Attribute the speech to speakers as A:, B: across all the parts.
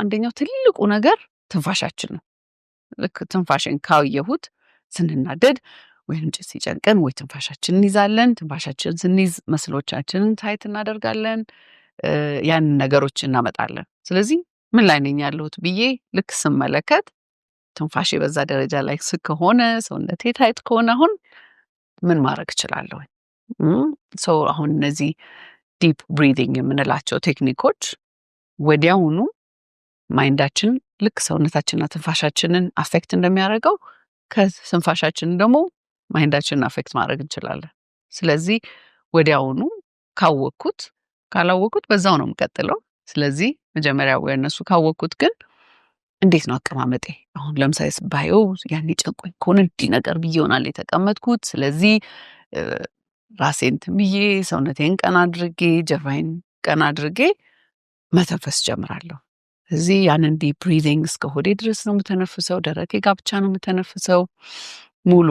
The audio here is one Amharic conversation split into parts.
A: አንደኛው ትልቁ ነገር ትንፋሻችን ነው። ልክ ትንፋሽን ካየሁት ስንናደድ ወይም ጭስ ሲጨንቀን ወይ ትንፋሻችን እንይዛለን። ትንፋሻችን ስንይዝ መስሎቻችንን ታይት እናደርጋለን። ያንን ነገሮች እናመጣለን። ስለዚህ ምን ላይ ነኝ ያለሁት ብዬ ልክ ስመለከት ትንፋሽ በዛ ደረጃ ላይ ከሆነ ሰውነቴ ታይት ከሆነ አሁን ምን ማድረግ እችላለሁ? ሰው አሁን እነዚህ ዲፕ ብሪዲንግ የምንላቸው ቴክኒኮች ወዲያውኑ ማይንዳችን ልክ ሰውነታችንና ትንፋሻችንን አፌክት እንደሚያደርገው ከትንፋሻችን ደግሞ ማይንዳችንን አፌክት ማድረግ እንችላለን። ስለዚህ ወዲያውኑ ካወቅኩት ካላወቅኩት በዛው ነው የምቀጥለው። ስለዚህ መጀመሪያ እነሱ ካወቅኩት ግን እንዴት ነው አቀማመጤ? አሁን ለምሳሌ ስባየው ያኔ ጨንቆኝ ከሆነ እንዲህ ነገር ብዬ ይሆናል የተቀመጥኩት። ስለዚህ ራሴን ትምዬ ሰውነቴን ቀና አድርጌ ጀርባይን ቀና አድርጌ መተንፈስ ጀምራለሁ። እዚህ ያንን ዲፕ ብሪዚንግ እስከ ሆዴ ድረስ ነው የምተነፍሰው። ደረቴ ጋ ብቻ ነው የምተነፍሰው። ሙሉ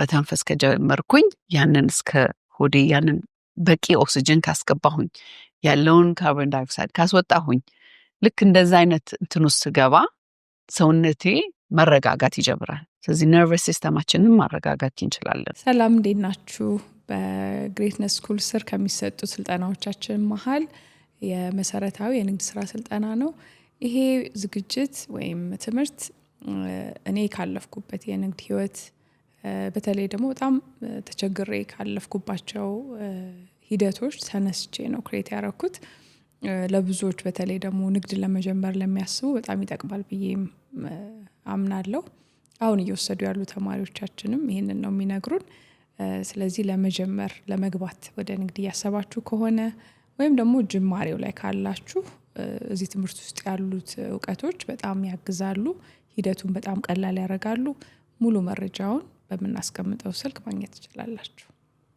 A: መተንፈስ ከጀመርኩኝ ያንን እስከ ሆዴ ያንን በቂ ኦክሲጅን ካስገባሁኝ ያለውን ካርቦን ዳይኦክሳይድ ካስወጣሁኝ ልክ እንደዛ አይነት እንትን ውስጥ ስገባ ሰውነቴ መረጋጋት ይጀምራል። ስለዚህ ነርቨስ ሲስተማችንን ማረጋጋት እንችላለን።
B: ሰላም፣ እንዴት ናችሁ? በግሬትነስ ስኩል ስር ከሚሰጡ ስልጠናዎቻችን መሀል የመሰረታዊ የንግድ ስራ ስልጠና ነው። ይሄ ዝግጅት ወይም ትምህርት እኔ ካለፍኩበት የንግድ ህይወት በተለይ ደግሞ በጣም ተቸግሬ ካለፍኩባቸው ሂደቶች ተነስቼ ነው ክሬት ያደረኩት። ለብዙዎች በተለይ ደግሞ ንግድ ለመጀመር ለሚያስቡ በጣም ይጠቅማል ብዬም አምናለሁ። አሁን እየወሰዱ ያሉ ተማሪዎቻችንም ይህንን ነው የሚነግሩን። ስለዚህ ለመጀመር ለመግባት ወደ ንግድ እያሰባችሁ ከሆነ ወይም ደግሞ ጅማሬው ላይ ካላችሁ እዚህ ትምህርት ውስጥ ያሉት እውቀቶች በጣም ያግዛሉ፣ ሂደቱን በጣም ቀላል ያደርጋሉ። ሙሉ መረጃውን በምናስቀምጠው ስልክ ማግኘት ትችላላችሁ።